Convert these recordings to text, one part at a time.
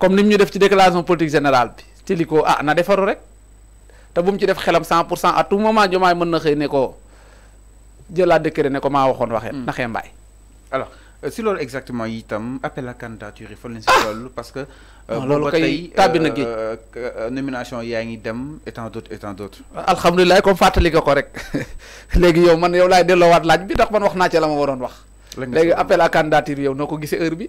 comme ni mu ñu def ci déclaration politique générale bi ci li ko ah na defaru rek te bu mu ci def xelam 100 pour cent à tout moment Diomaye mën na xëy ne ko jëlaa décret ne ko maa waxoon waxee. Hmm. na mbaay alors. Euh, si loolu exactement itam appel à candidature yi fan lañ si ah! toll parce que. Euh, loolu kay tàbbi na euh, géej nomination yaa ngi dem et tant d'autres et tant d'autres. alhamdulilah comme fàttali ko ko rek léegi yow man yow laay delloowaat laaj bi ndax man wax naa ci waroon wax. léegi appel à candidature yow noo ko gisee heure bi.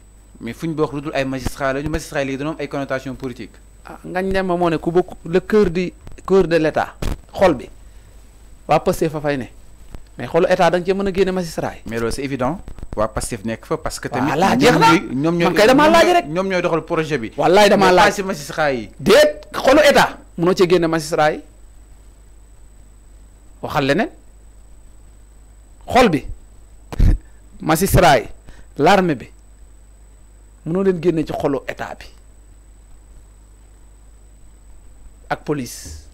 mais fu ñu bokk lu dul ay magistrat la ñu magistrat yi léegi dañoo am ay connotation politique ah ngañ dem ma moo ne ku bokk le cœur di cœur de l' état xol bi waa Pastef fa fay ne mais xolu état da nga cee mën a génne magistrat yi mais loolu c' est évident waa fa parce que tamit voilà ñoom ñooy man kay damaa laaj rek ñoom ñooy doxal projet bi wallaay damaa laaj si magistrat yi déet xolu état mënoo cee génne magistrat yi waxal leneen xol bi magistrat yi l'armée bi mënoo leen génne ci xolu état bi ak police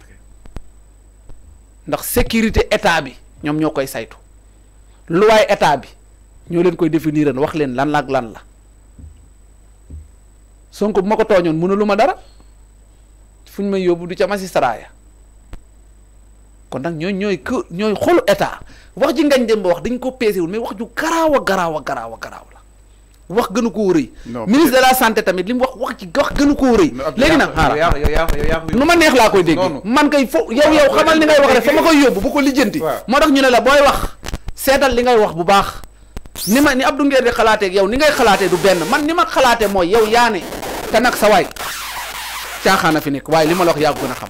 ndax sécurité état bi ñoom ñoo koy saytu luwaay état bi ñoo leen koy définir wax leen lan la ak lan la Sonko bu ma ko tooñoon mënu lu ma dara fuñ may yóbbu du ca magistrat ya kon nag ñooy ñooy ñooy xolu état wax ji ngañ dem ba wax dañ ko peesewul mais wax ju garaaw a garaaw a wax gënu koo rëy. ministre de la santé tamit li mu wax wax ci wax gënu koo rëy. léegi nag xaaral nu ma neex laa koy dégg. man kay fo yow yow xamal li ngay wax rek fa ma koy yóbbu bu ko lijjanti. moo tax ñu ne la booy wax seetal li ngay wax bu baax. ni ma ni Abdou Nguer di xalaatee yow ni ngay xalaatee du benn man ni ma xalaatee mooy yow yaa ne te nag sa waay caaxaan fi nekk waaye li ma la wax yaa gën a xam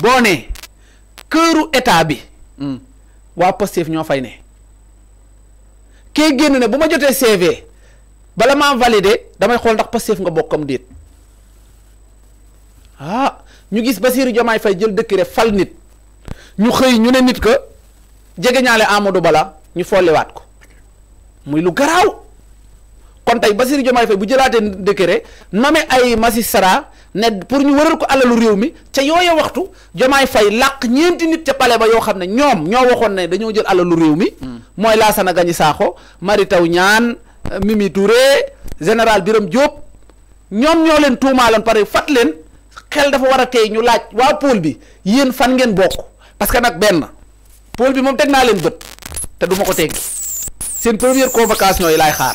boo ne këru état bi hmm. waa Pastef ñoo fay ne. kee génn ne bu ma jotee CV bala maa validé damay xool ndax Pastef nga bokkam déet ah ñu gis Bassirou Diomaye fay jël décret fal nit ñu xëy ñu ne nit que jege ñaale Amadou Bala ñu folliwaat ko muy lu garaaw ba tey Bassirou Diomaye Faye bu jëlaatee décret nommé ay magistrat ne pour ñu wëral ko alalu réew mi ca yooya waxtu Diomaye fay làq ñeenti nit ca pale ba yoo xam ne ñoom ñoo waxoon ne dañoo jël alalu réew mi mm. mooy Lassana Gagny Sakho Mary Teuw Niane euh, Mimi Touré général biram Diop ñoom ñoo leen tuumaaloon pare fat leen xel dafa war a tey ñu laaj waa pôle bi yéen fan ngeen bokk parce que nag benn pôle bi moom teg naa leen bët te du ma ko teggi seen première convocation yi laay xaar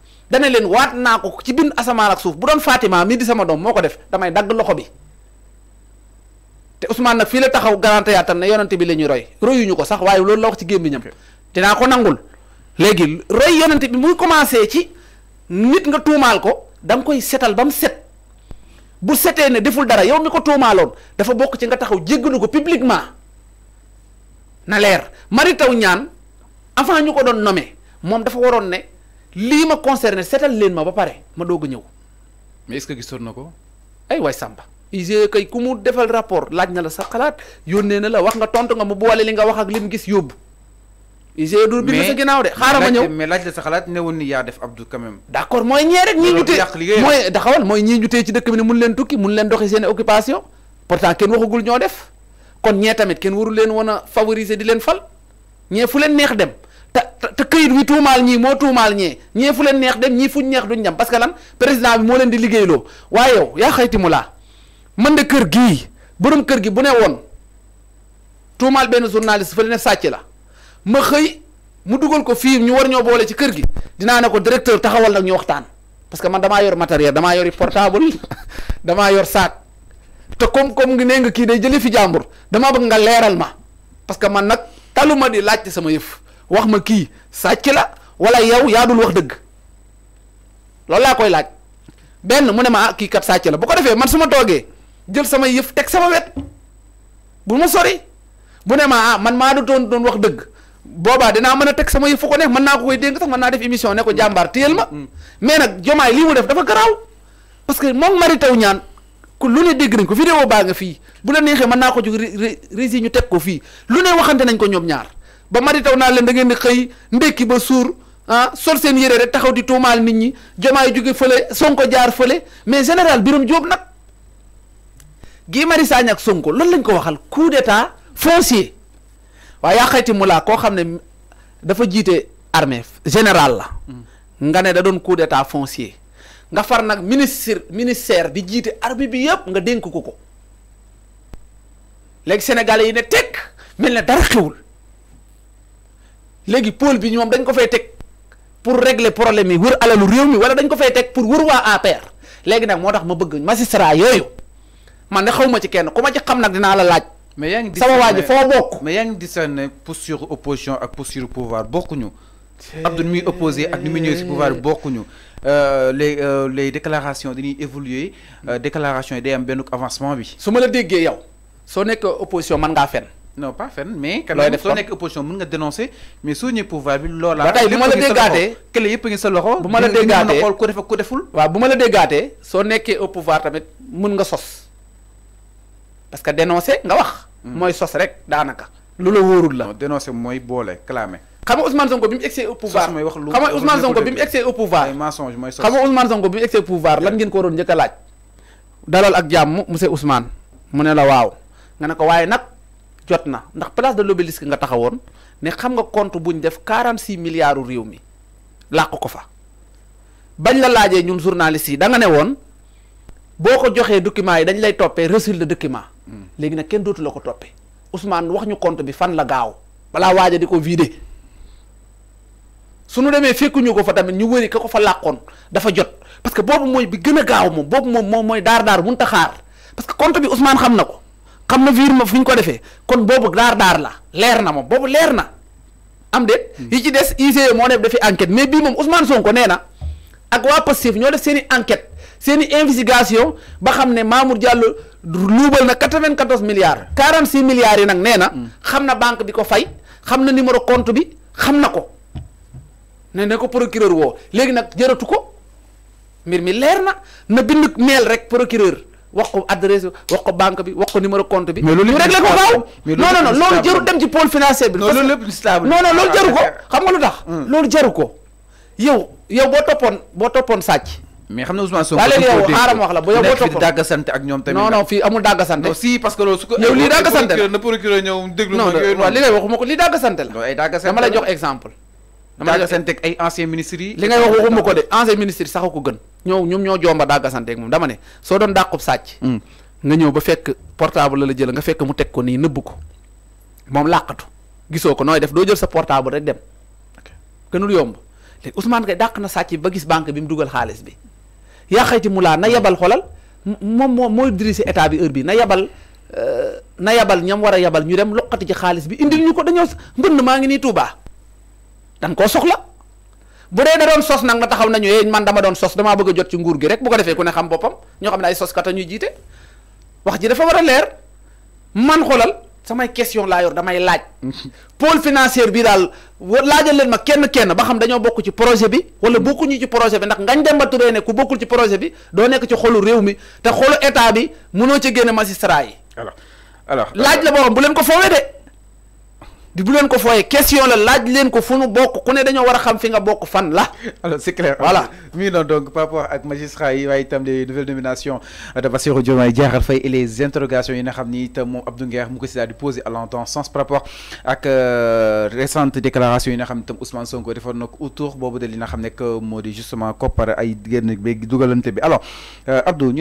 dana leen waat naa ko ci bind asamaan ak suuf bu doon faatiment mi di sama doom moo ko def damay dagg loxo bi te Ousmane nag fii la taxaw garanté yaatam ne yonante bi la ñuy roy royuñu ko sax waaye loolu la wax ci gémmiñam dinaa ko nangul léegi roy yonante bi muy commencé ci nit nga tuumaal ko da koy setal ba mu set bu setee ne deful dara yow mi ko tuumaaloon dafa bokk ci nga taxaw jéggalu ko publiquement na leer mari taw ñaan avant ñu ko doon nommé moom dafa waroon ne lii ma concerné setal leen ma ba pare ma doog a ñëw. mais est-ce que gisoon na ko. ay waay Samba. UG kay ku mu defal rapport laaj na la sa xalaat yónnee na la wax nga tontu nga mu boole li nga wax ak li mu gis yóbbu. UG du bind sa ginnaaw de xaaral ma ñëw mais laaj la sa xalaat ne woon ni yaa def Abdou quand même. d' accord mooy ñee rek ñii ñu mooy daxawal mooy ñii ñu tee ci dëkk bi ne mun leen tukki mun leen doxi seen occupation pourtant kenn waxagul ñoo def kon ñee tamit kenn waru leen woon a favoriser di leen fal ñee fu leen neex dem. te te këyit wi tuumaal ñii moo tuumaal ñee ñee fu leen neex dem ñii fuñ neex duñ dem parce que lan président bi moo leen di liggéeyloo waaye yow yaa xayti mu laa man de kër gii borom kër gi bu nee woon tuumaal benn journaliste fa ne sàcc la ma xëy mu dugal ko fii ñu war ñoo boole ci kër gi dinaa ne ko directeur taxawal nag ñu waxtaan parce que man damaa yor matériel damaa yori portable damaa yor saak te comme comme ngi nee nga kii day jëlee fi jàmbur damaa bëgg nga leeral parce que man nag taluma di laajte sama yëf. wax ma ki sacc la wala yow ya dul wax deug loolu la koy laaj ben mu ne ma ah ki kat sacc la bu ko defé man suma togué sama yef tek sama wet bu ma sori bu ne ma ah man ma do don doon wax deug boba dina meuna tek sama yef ko ne man na ko koy deng sax man na def émission ne ko jambar téyel ma mm. mais nak jomay li mu def dafa graw parce que mom mari taw ñaan ku lu ne deg nañ ko vidéo ba nga fi bu la nexé man na ko jog rési tek ko fi lu ne waxante nañ ko ñom ñaar ba mari naa leen da ngeen di xëy ndékki ba suur ah sol seen yére rek taxaw di tuumaal nit ñi jomaay jóge fële sonko jaar fële mais général Birame jóob nag Guy Marius ak sonko loolu lañ ko waxal coup d'état foncier waaye yaa xayti mu laa koo xam ne dafa jiite armée général la mm. nga ne da doon coup d'état nga far nag ministre ministère bi jiite armée bi yëpp nga dénk ko ko léegi sénégalais yi ne teg mel ne dara xewul léegi pôle bi ñoom dañ ko fay teg pour régler problème yi wër alalu réew mi wala dañ ko fay teg pour wër waa APR léegi nag moo tax ma bëgg magistrat yooyu man ne xawma ci kenn ku ma ci xam nag dinaa la laaj. mais yaa ngi sama waa ji foo bokk. mais yaa ngi discerner posture opposition ak posture pouvoir bokkuñu. Abdou ni opposé ak ni muy ñëwee si pouvoir bokkuñu. Euh, les euh, les déclarations dañuy évoluer euh, déclaration yi day am benn avancement bi. su ma la déggee yow soo nekk opposition man ngaa fen non pas fenn mais. quand def soo nekk opposition mën nga dénoncer mais soo ñëwee pouvoir bi loola. ba tey bu la déggaatee le yëpp ngi sa loxo. buma la déggaatee xool ku def deful. la déggaatee soo au pouvoir tamit mën nga sos parce que dénoncer nga wax. moy hmm. sos rek danaka lu worul la dénoncer moy bolé clamer. xam nga Ousmane Sonko bi mu au pouvoir sos xam nga Ousmane Sonko bi mu au pouvoir. ay xam nga Ousmane Sonko bi mu au pouvoir lan ngeen ko waroon njëkk laaj. dalal ak jamm monsieur Ousmane mu ne la waaw nga ne ko waaye nag jot na ndax place de l'obélisque nga taxawoon ne xam nga bu ñu def 46 milliards réew mi làq ko fa bañ la laajee ñun journaliste yi da nga ne woon boo ko joxee documents yi dañ lay toppee reçu de document léegi nag kenn dootu la ko toppee Ousmane wax ñu compte bi fan la gaaw balaa waaja di ko su nu demee fekkuñu ko fa tamit ñu wëri ka ko fa làqoon dafa jot parce que boobu mooy bi gën a gaaw moom boobu moom moom mooy daar daar mun ta xaar parce que compte bi Ousmane xam na ko xam na fiir ma fu ñu ko defee kon boobu daar daar la leer na moom boobu leer na am de hmm. yi ci des ICE moo nekk dafi enquête mais bii moom Ousmane Sonko nee na ak waa Pastef ñoo def seen i enquête seen i investigation ba xam ne Mamour Diallo luubal na 94 milliards 46 milliards yi nag nee na hmm. xam na banque bi ko fay xam na numéro compte bi xam na ko ne ne ko procureur woo léegi nag jëratu ko mbir mi leer na na bind mail rek procureur wax ko adresse wax ko banque bi wax ko numéro compte bi. mais loolu lépp réglé ko gaaw non non non loolu jarul dem jaru ko xam nga lu tax. Hmm. loolu jaru ko yow yow boo toppoon boo toppoon sàcc. mais xam na Ousmane Sonko. waaw léegi yow xaaral ma wax la bu amul dàggasante. non si parce que loolu su la na ma. la. dama lay daggasanteeg ay ancien ministre yi li ngay wax waxuma ko de ko gën ñoom ñoo jomba daggasanteeg moom dama ne soo doon dàqub sàcc hmm. nga ñëw ba fekk portable la la jël nga fekk mu teg ko nii nëbb ko moom làqatu gisoo ko nooy def doo jël sa portable rek dem gënul yomb léegi Ousmane kay dàq na sàcc ba gis banque bi mu dugal xaalis bi yaa xayti mu laa na yebal xolal moom moo mooy dirigé état bi heure bi na yebal euh, na yebal ñam war a yebal ñu dem loqati ci xaalis bi indil ñu ko dañoo mbënd maa ngi nii Touba danga koo soxla bu dee da doon sos nag ma taxaw nañu yee eh, man dama doon sos damaa bëgg jot ci nguur gi rek bu ko defee ku ne xam boppam ñoo xam ne ay sos a ñuy jiite wax ji dafa war a leer man xoolal samay question laa yor damay laaj pool financier bi daal laajal leen ma kenn kenn ba xam dañoo bokk ci projet bi wala mm. bokkuñu ci projet bi ndax ngañ dem ba turee ku bokkul ci projet bi doo nekk ci xolu réew mi te xolu état bi mënoo ca génne magistrat yi alors alors laaj la euh, di bu leen ko foyé question la laaj len ko fu nu bokk ku ne dañoo war xam fi nga fan la. alors c'est clair voilà. mi non donc par rapport ak magistrat yi item des nouvelles nominations de Bassirou Diomaye Diakhar Faye et les interrogations yi nga xam ni Abdou Nguer mu ko ci di poser à sens par rapport ak euh, récente déclaration yi nga xam tam Ousmane Sonko defoon na autour bobu de li nga xam nek modi justement koppar ay genn be dugalante bi alors euh, Abdou.